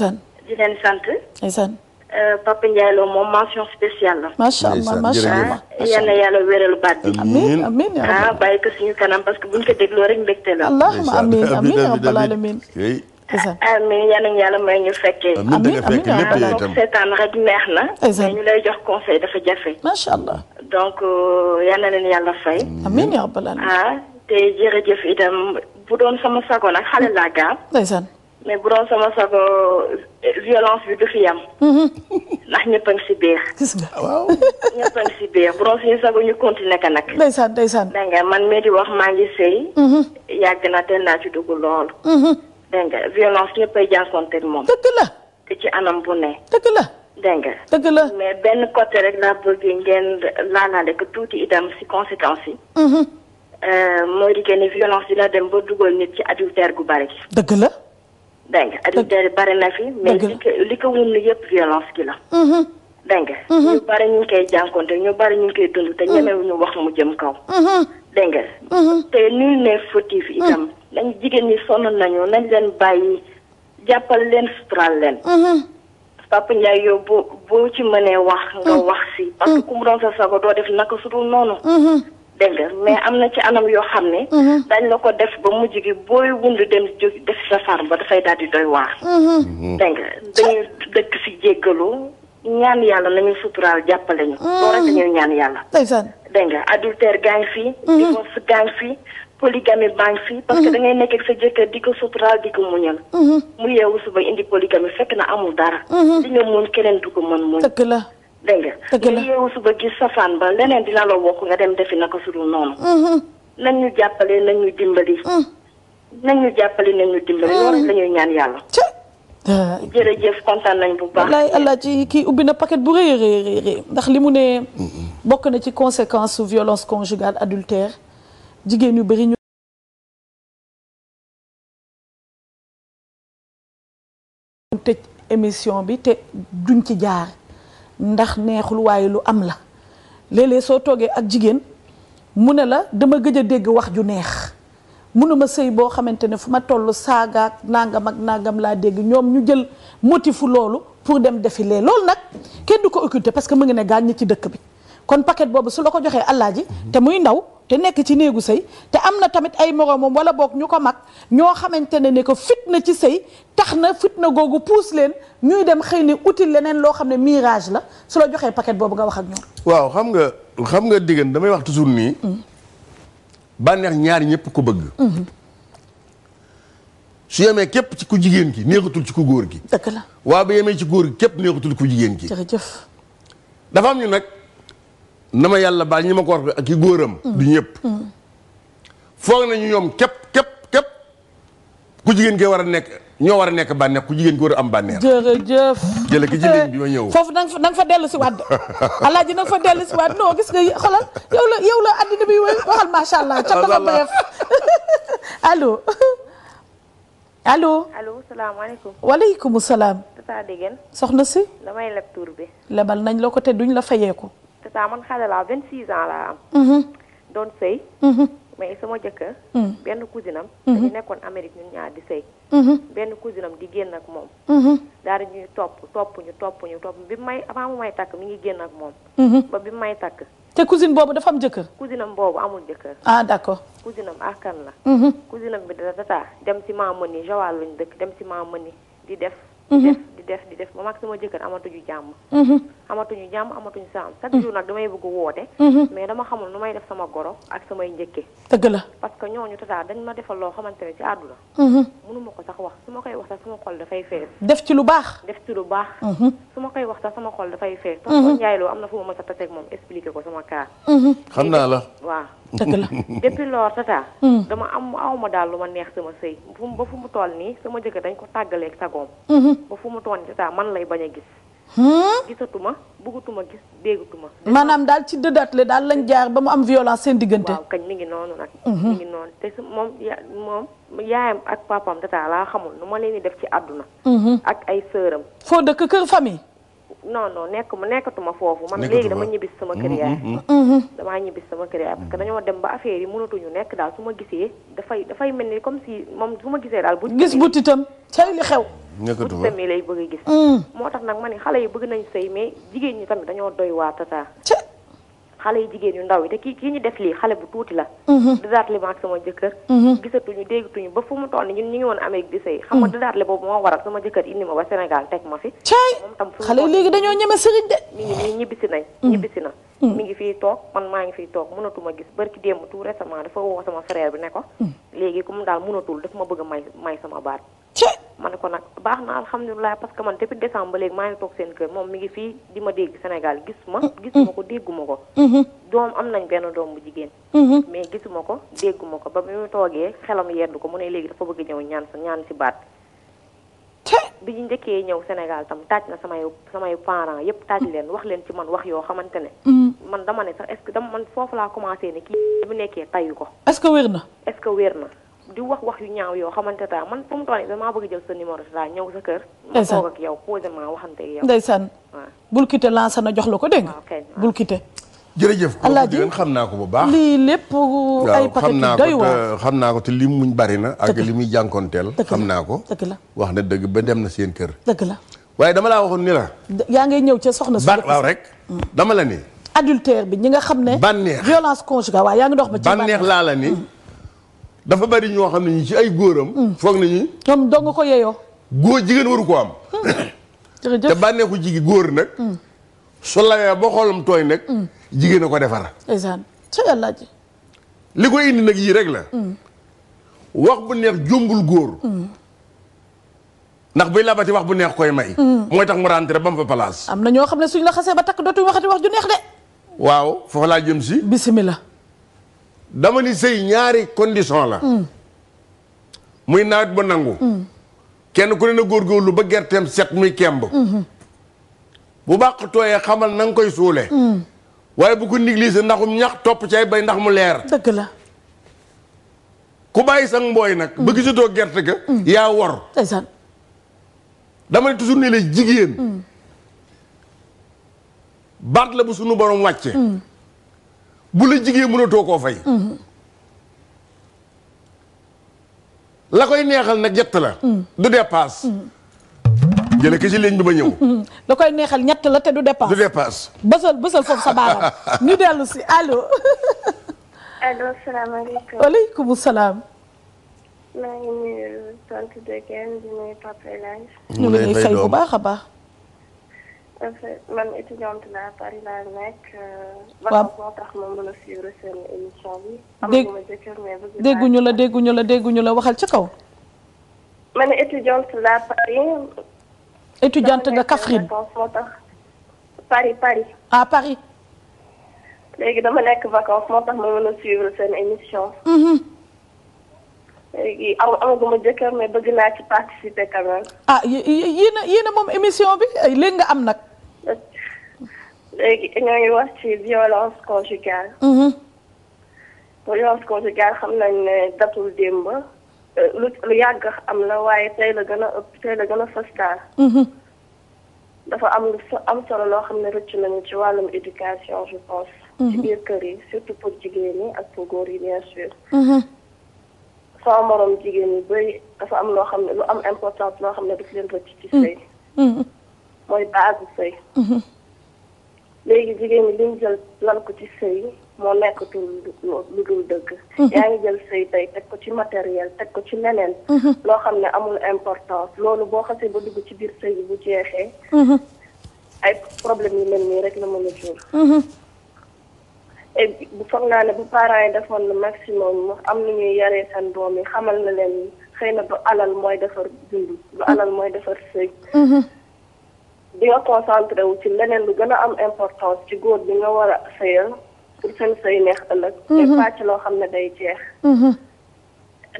san di leen sant. ndeysaan. Euh, Papa Ndiaye Lo moom mention spéciale la. macha allah macha allah ah, yal na yàlla wéral baat bi. amiin amiin ah, ah, ya yàlla may ñu fekkee. amiin amiin yaa rabbal alamin moom seetaan rek dafa jafe. macha allah. donc euh, yal na leen yàlla fay. itam bu doon sama sago nag xale laa gaal. ndeysaan. mais bu sama sago eh, violence bi du fi am. Mhm. ndax ñëpp a ngi si biir. gis ah, si biir bu doon sago ñu continuer ka nag. ndeysaan ndeysaan. dégg nga man mii di wax maa ngi sëy. Mhm. yàgg na te naa ci dugg lool. Mhm. dégg nga violence ñëpp ay jànkuwanteel moom. dëgg la. te ci anam bu ne. dëgg la. dégg dëgg la mais benn côté rek laa bëgg ngeen laalaale ko tuuti itam si conséquence yi. Euh, mooy di génne violence bi la dem ba dugal nit ci adultère gu bari. dëgg la. dégg nga adultère yi bari na fi. mais li ko li ko wund yëpp violence gi la. Mm-hmm. dégg nga. Mm-hmm. ñu bari ñu ngi koy ñu bari ñu ngi dund te mm-hmm. ñemewu ñu wax mu jëm kaw. dégg nga. te nul ne fautif itam. nañ jigéen ñi sonn nañu nañ leen bàyyi jàppal leen suturaal leen. Papa Ndiaye yow boo boo ci mënee wax nga mm. wax si. parce que ku mu doon sa sago doo def naka su dul noonu. dégg nga mais am na ci anam yoo xam ne. Mhm. dañ la ko def ba mujj gi booy wund dem jóg def sa farm ba dafay daal di doy waar. Mhm. Mhm. dégg nga dañuy dëkk si jéggalu ñaan yàlla nañu suturaal jàppale ñu. loolu rek dañuy ñaan yàlla. dégg nga adultère gaa ngi fi. divorce gaa ngi fi. polygamie baa ngi fi. parce que da ngay nekk ak sa jëkkër di ko suturaal di ko muñal. mu yeewu suba indi polygamie fekk na amul dara. li nga mën keneen du ko mën muñ. dëgg la. dégg nga. dëgg yeewu suba gis safaan ba leneen dina la wokk nga dem defi naka su dul noonu. Mm-hmm. nañ ñu jàppalee nañ ñu dimbali. Mm. nañ ñu jàppale nañ ñu dimbali. loolu la ñaan yàlla. jërëjëf kontaan nañ bu baax. wallaay ci kii ubbi na paquet bu rëy a rëy ndax li mu ne. Mm-hmm. bokk na ci conséquence su violence conjugale adultère jigéen yu bëri ñu. émission bi te duñ ci jaar. ndax neexul waaye lu am la léeg-léeg soo toogee ak jigéen mu ne la dama gëj a dégg wax ju neex munuma sëy boo xamante ne fu ma toll saagaag nangam ak nangam laa dégg ñoom ñu jël motifu loolu pour dem défiler loolu nag kenn du ko occulter parce que mu ngi ne gaañ ñi ci dëkk bi kon paquet boobu su la ko joxee allaaji te muy ndaw te nekk ci néegu sëy te am na tamit ay moroomam wala boog ñu ko mag ñoo xamante ne ne ko fitna ci sëy tax na fitna googu puus leen ñuy dem xëy na utile leneen loo xam ne mirage la su la joxee paquet boobu nga wax ak ñoom. waaw xam nga xam nga diggante damay wax toujours nii. Mm-hmm. bànneex ñaari ñëpp ko bëgg. Mm-hmm. su yemee képp ci ku jigéen ki neexatul ci ku góor gi. dëgg la waaw ba yemee ci góor gi képp neexatul ku jigéen ki. jërëjëf. dafa am ñu nag. na ma yàlla baal ñi ma ko war ak i góoram. du ñëpp. foog nañu ñoom képp képp képp ku jigéen ke war a nekk ñoo war a nekk bànneex ku jigéen ko war a am bànneex. jërëjëf jële ki ci ligne bi ma ñëw. foofu na nga fa dellu si waat alaaji nga fa dellu si waat non gis nga xoolal yow la yow la àddina bi waxal macha allah ca dafa bëyeef allo. allo allo salaamaaleykum. waaleykum salaam. soxna si. damay leb tur bi. lebal nañ la ko te duñ la fayeeku temps man xale laa 26 ans laa am. Mm-hmm. doon sëy. Mm-hmm. mais sama jëkkër. Mm. benn cousinam. Mm-hmm. dañu nekkoon Amérique ñun ñaar di sëy. benn cousinam di génn ak moom. daal di ñuy topp topp ñu topp ñu topp bi may avant mu may takk mu ngi génn ak moom. ba bi may takk. te cousine boobu dafa am jëkkër. cousinam boobu amul jëkkër. ah d'accord. cousinam akan la. cousinam bi da dataa dem ma Mamani Joal lañ dëkk dem ma Mamani di def. Mhm. def di def di def ba mag sama jëkkër amatuñu jàmm. Mhm. amatuñu jàmm amatuñu saam mhm. chaque jour nag damay bëgg woote. mais dama xamul nu may def sama goro ak samay njëkke dëgg la parce que ñoo ñooñu tataa dañ ma defal loo xamante ne ci àdduna. mënu ma ko sax wax su ma koy wax sax sama xol dafay fees. def ci lu baax. def ci lu baax. su ma koy wax sax sama xol dafay fees. parce que Ndiaye loo am na fu ma mës a taseeg moom expliqué ko sama cas. xam naa la waaw. dëgg la depuis lool tata hmm. dama am aw ma daal lu ma neex sama sëy fu ba fu mu tool nii sama jëkkër dañ ko tàggaleeg sagoom hmm. ba fu mu toll nii tata man lay bañ a gis hmm. gisatuma bëggatuma gis déggatuma maanaam daal ci le daal lañ jaar ba mu am violence seen diggante waaw kañ mi ngi noonu nag mi ngi noonu te moom ya moom yaayam ak papam tata laa xamul nu ma leen di def ci àdduna ak ay sëram foo dëkk kër famille non non nekk ma nekkatuma foofu. man léegi dama ñibbis sama kër mm-hmm. yaay. Mm-hmm. damaa sama kër yaay parce que dañoo dem ba affaire yi mënatuñu nekk daal su ma gisee dafay dafay mel ni comme si moom su ma gisee daal. bu gis bu titam tey xew. nekkatuma bu titam lay bëgg gis. Mm. moo tax nag ma ni xale yi bëgg nañ sëy mais jigéen ñi tamit dañoo doy waa tataa. xale yi jigéen yu ndaw yi te kii kii ñu def lii xale bu tuuti la dëdaatle mm-hmm. ma ak sama jëkkër mm-hmm. gisatuñu déggatuñu ba fu mu toll ñun ñu ngi woon Amérique di sëy xam nga dëdaatle mm-hmm. boobu moo waral sama jëkkër indi ma ba Sénégal teg ma fi caay xale léegi dañoo ñeme sëriñ de mi ngi nii ñibbisi nañ ñibbisi na mi ngi fii toog man maa ngi fii toog mënatuma gis barki démb tout récemment dafa woo sama frère bi ne ko léegi comme daal mënatul daf ma bëgg a may may sama baat ma ne ko nag baax na alhamdulilah parce que man depuis décembre ba léegi maa ngi toog seen kër moom mi ngi fii di ma dégg Sénégal gis ma gis mm-hmm. gisuma ko dégguma ko mm-hmm. doom am nañ benn doom bu jigéen mm-hmm. mais gisuma ko dégguma ko ba bi mu toogee xelam yeddu ko mu ne léegi dafa bëgg ñëw ñaan sa ñaan si baat bi ñu njëkkee ñëw Sénégal tam taaj na samay samay parents yëpp taaj leen wax leen ci man wax yoo xamante ne. man dama ne sax est dama man foofu laa commencé ne kii bi nekkee tayu ko. est-ce que wér na. di wax wax yu ñaaw yoo xamante ta man fu mu toll nii damaa bëgg jël sa numéro sa ñëw sa kër. ma toog ak yow posément waxante ak yow. na jox la ko dégg nga. Ah, bul quitté. jërëjëf kooku di xam naa ko bu baax lii lépp uh, ay paquet doy waar xam naa ko ti li muñ bari na ak li muy jànkonteel xam naa ko dëgg la wax na dëgg ba dem na seen kër dëgg la waaye dama laa waxoon ni la yaa ngay ñëw ca soxna su waaw rek mm. dama la ni adultère bi ñi nga xam ne bànneex violence conjugale waaw yaa ngi dox laa la dafa bari ñoo xam ne ñi ci ay góoram. Hmm. foog nañu. ñoom doo nga ko yeyoo. góor jigéen waru ko am. Hmm. jërëjëf te bànneeku jigi góor nag. Hmm. su lawee ba xoolam tooy nag. jigéen a ko defar. ndeysaan sa yàlla li ko indi nag yii rek la. wax bu neex jumbul góor. ndax buy labati wax bu neex koy may. mooy tax mu rentré ba mu fa place. am na ñoo xam ne suñ la xasee ba takk dootuñ waxati wax ju neex de. waaw foofu laa jëm si. bisimilah. dama ni sëy ñaari condition la mm. muy nawet ba nangu mm. kenn ku ne na góor góorlu ba gerteem set muy kemb mm-hmm. bu bàq tooyee xamal na koy suule mm. waaye bu ko négligé ndaxum ñax topp caay bay ndax mu leer dëgg la ku bàyyi sang mbooy nag ba gisatoo gerte ga yaa wor dama ne toujours ne la jigéen baat la bu sunu borom wàcce bu la jigéen mënatoo koo fay. la koy neexal nag ñett la. du dépasse. jële ki ci ligne bi ma ñëw. la koy neexal ñett la te du dépasse. du dépasse. bësal bësal foofu sa baaraam ñu dellu si allo. allo salaamaaleykum. waaleykum salaam. maa ngi nuyu tontu de kenn di nuyu Papa El Hadj. ñu ngi lay fay bu baax a baax. tout à fait man étudiante laa Paris laa nekk. Euh, waaw moo a suivre dégguñu la dégguñu la dégguñu la waxal ci kaw. man étudiante laa Paris. étudiante nga Kaffrine Paris Paris. ah Paris. léegi dama nekk vacance moo tax ma mën a suivre seen émission. Mhm. léegi am amaguma jëkkër mais bëgg naa ci participer quand même. ah yéen a yéen a moom émission bi léegi nga am nag. léegi ñoo ngi wax ci violence conjugale. Mhm. violence conjugale xam nañ ne datul démb euh, lu yàgg am na waaye tey la gën a ëpp tey la gën a fëstaal. Mhm. dafa am lu am solo loo xam ne rëcc nañu ci wàllum éducation je mhm. ci biir kër yi surtout pour jigéen ñi ak pour góor yi bien sûr. moroom jigéen ñi bëri dafa am loo xam ne lu am importance loo xam ne daf leen rëcc ci sëy. mooy base sëy. léegi jigéen ñi li jël lal ko ci sëy moo nekkatul lu dul dëgg. Mhm. yaa ngi jël sëy tey teg ko ci matériel teg ko ci leneen. Mhm. loo xam ne amul important loolu boo xasee ba dugg ci biir sëy bu jeexee. Mhm. ay problème yu mel nii rek la mën a jur. bu foog naa ne bu parents yi defoon le maximum am na ñuy yaree seen doom yi xamal na leen xëy na du alal mooy defar dund du alal mooy defar sëy. di nga concentré wu ci leneen lu gën a am important ci góor bi nga war a sëyal pour seen sëy neex ëllëg. te mm-hmm. pàcc loo xam ne day jeex. Mm-hmm.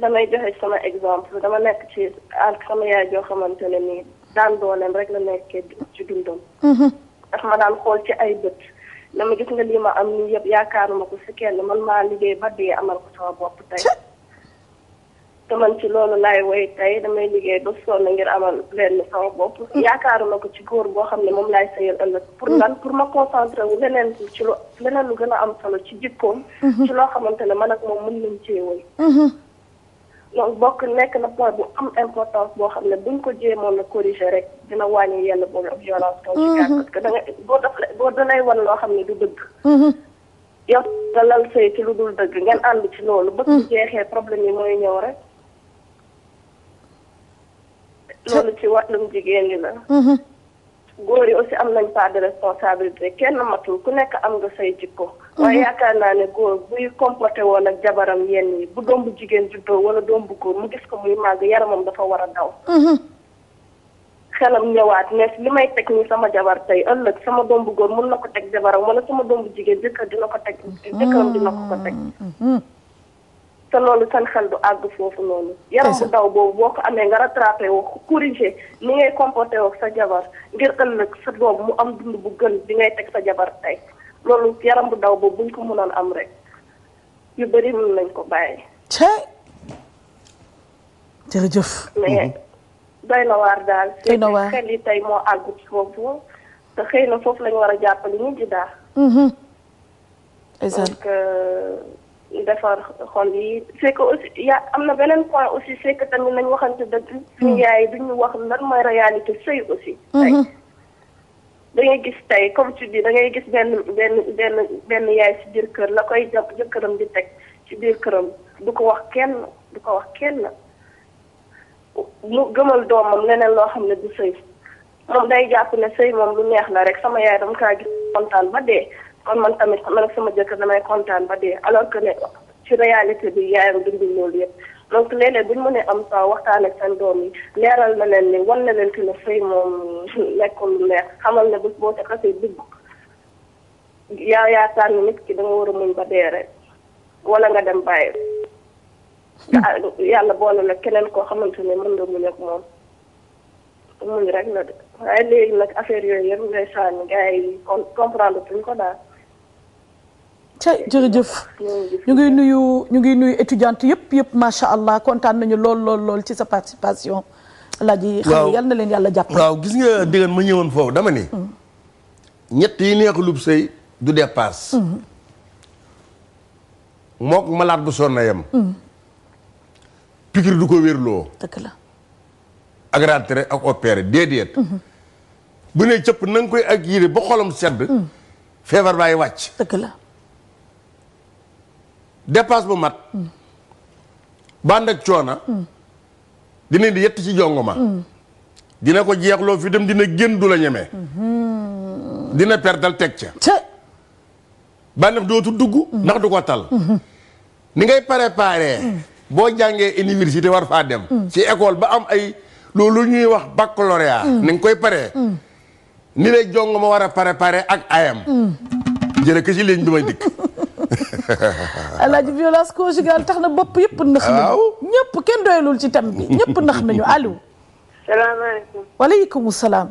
damay joxe sama exemple dama nekk ci ak sama yaay joo xamante ne nii daan dooleem rek la nekkee ci dundam. Mm-hmm. ndax ma daan xool ci ay bët. dama gis nga lii ma am nii yëpp yaakaaruma ko si kenn man maa liggéey ba dee amal ko sama bopp tey. te man ci loolu laay woy tey damay liggéey ba sonn ngir amal lenn sama bopp. Mm-hmm. yaakaaruma ko ci góor boo xam ne moom laay sëyal ëllëg. pour lan mm-hmm. pour ma concentré wu leneen ci lu leneen lu gën a am solo ci jikkoom. Mm-hmm. ci loo xamante ne man ak moom mën nañ cee woy. donc bokk nekk na point bu am importance boo xam ne buñ ko jéemoon a corriger rek dina wàññi yenn boobu ak violence. parce que da boo daf boo dalay loo xam ne du dëgg. yow dalal sëy ci lu dul dëgg ngeen ànd ci loolu. ba ci jeexee problème yi mooy ñëw rek. loolu ci wàllum jigéen ñi la. Mm-hmm. góor yi aussi am nañ part de responsabilité kenn matul ku nekk am nga say jikko. waaye mm-hmm. yaakaar naa ne góor buy comporté woon ak jabaram yenn yi bu doom bu jigéen juddoo wala doom bu góor mu gis ko muy màgg yaramam dafa war a daw. Mm-hmm. xelam ñëwaat ne li may teg nii sama jabar tey ëllëg sama doom bu góor mun na ko teg jabaram wala sama doom bu jigéen jëkkër dina ko teg. jëkkëram dina ko ko teg. te loolu seen xel du àgg foofu noonu. yaram bu daw boobu boo ko amee nga rattrapé wu corrigé ni ngay comporté wook sa jabar ngir ëllëg sa boobu mu am dund bu gën bi ngay teg sa jabar tey loolu yaram bu daw boobu buñ ko mënoon am rek yu bëri mën nañ ko bàyyi. ca jërëjëf. mais mhm. doy na waar daal. doy xel yi tey moo àgg foofu te xëy foofu lañ war a jàppale ñu ji daal. Mhm. Euh, defar xol yi c'est aussi ya am na beneen point aussi c'est que tamit nañ waxante dëgg. suñu mm. yaay duñu wax lan mooy réalité sëy aussi. Mm-hmm. da ngay gis tey comme tu dis da gis benn benn benn benn yaay ci biir kër la koy jàpp jëkkëram di teg ci biir këram du ko wax kenn du ko wax kenn lu gëmal doomam leneen loo xam ne du sëy moom day jàpp ne sëy moom lu neex la rek sama yaay dama kaa gis kontaan ba dee kon man tamit man ak sama jëkkër damay kontaan ba dee alors que ne ci réalité bi yaayam dundul loolu yëpp donc léeg-léeg bu ñu am sa waxtaan ak seen doom yi leeral na leen ni wan na leen ki ne fay moom nekkul lu leer xamal ne bu boo te xasee dugg yaa yaakaar ni nit ki da war a muñ ba dee rek wala nga dem bàyyi. yàlla boole na keneen koo xamante ne mën nga muñ ak moom muñ rek na de waaye léegi nag affaire yooyu yëpp ngay sànni gars yi comprendre tuñ ko daal. ca jërëjëf ñu ngi nuyu ñu ngi nuyu étudiante yëpp yëpp macha allah kontaan nañu lool lool lool ci sa participation. laaj yi xam yal na leen yàlla jàppale. waaw gis nga dégg ma ñëwoon foofu dama ni. Hmm. ñett yi neexulub sëy du dépasse. Hmm. mook malaat bu sonn yem. Hmm. pikir du ko wérloo. dëgg la. ak rentré ak opéré déedéet. bu ne cëpp na nga koy ak yére ba xolam sedd. feebar baay wàcc. dëgg la. dépasse bu mat. bànd ak coona. dina di yett ci jongoma. dina ko jeexloo fi dem dina génn du la ñeme. dina perdal teg ca. bànneex dootu dugg. ndax du ko tal. ni ngay préparé. boo jàngee université war faa dem. ci école ba am ay loolu ñuy wax baccalauréat. Mm. ni nga koy paree. Mm. ni lay ma war a pare ak ayam. Mm. jërëjëf si ligne bi may dikk. alaaji violence conjugale tax na bopp yëpp nax na waaw ñëpp kenn doyalul ci tam bi ñëpp nax nañu allo. salaamaaleykum. waaleykum salaam.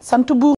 sant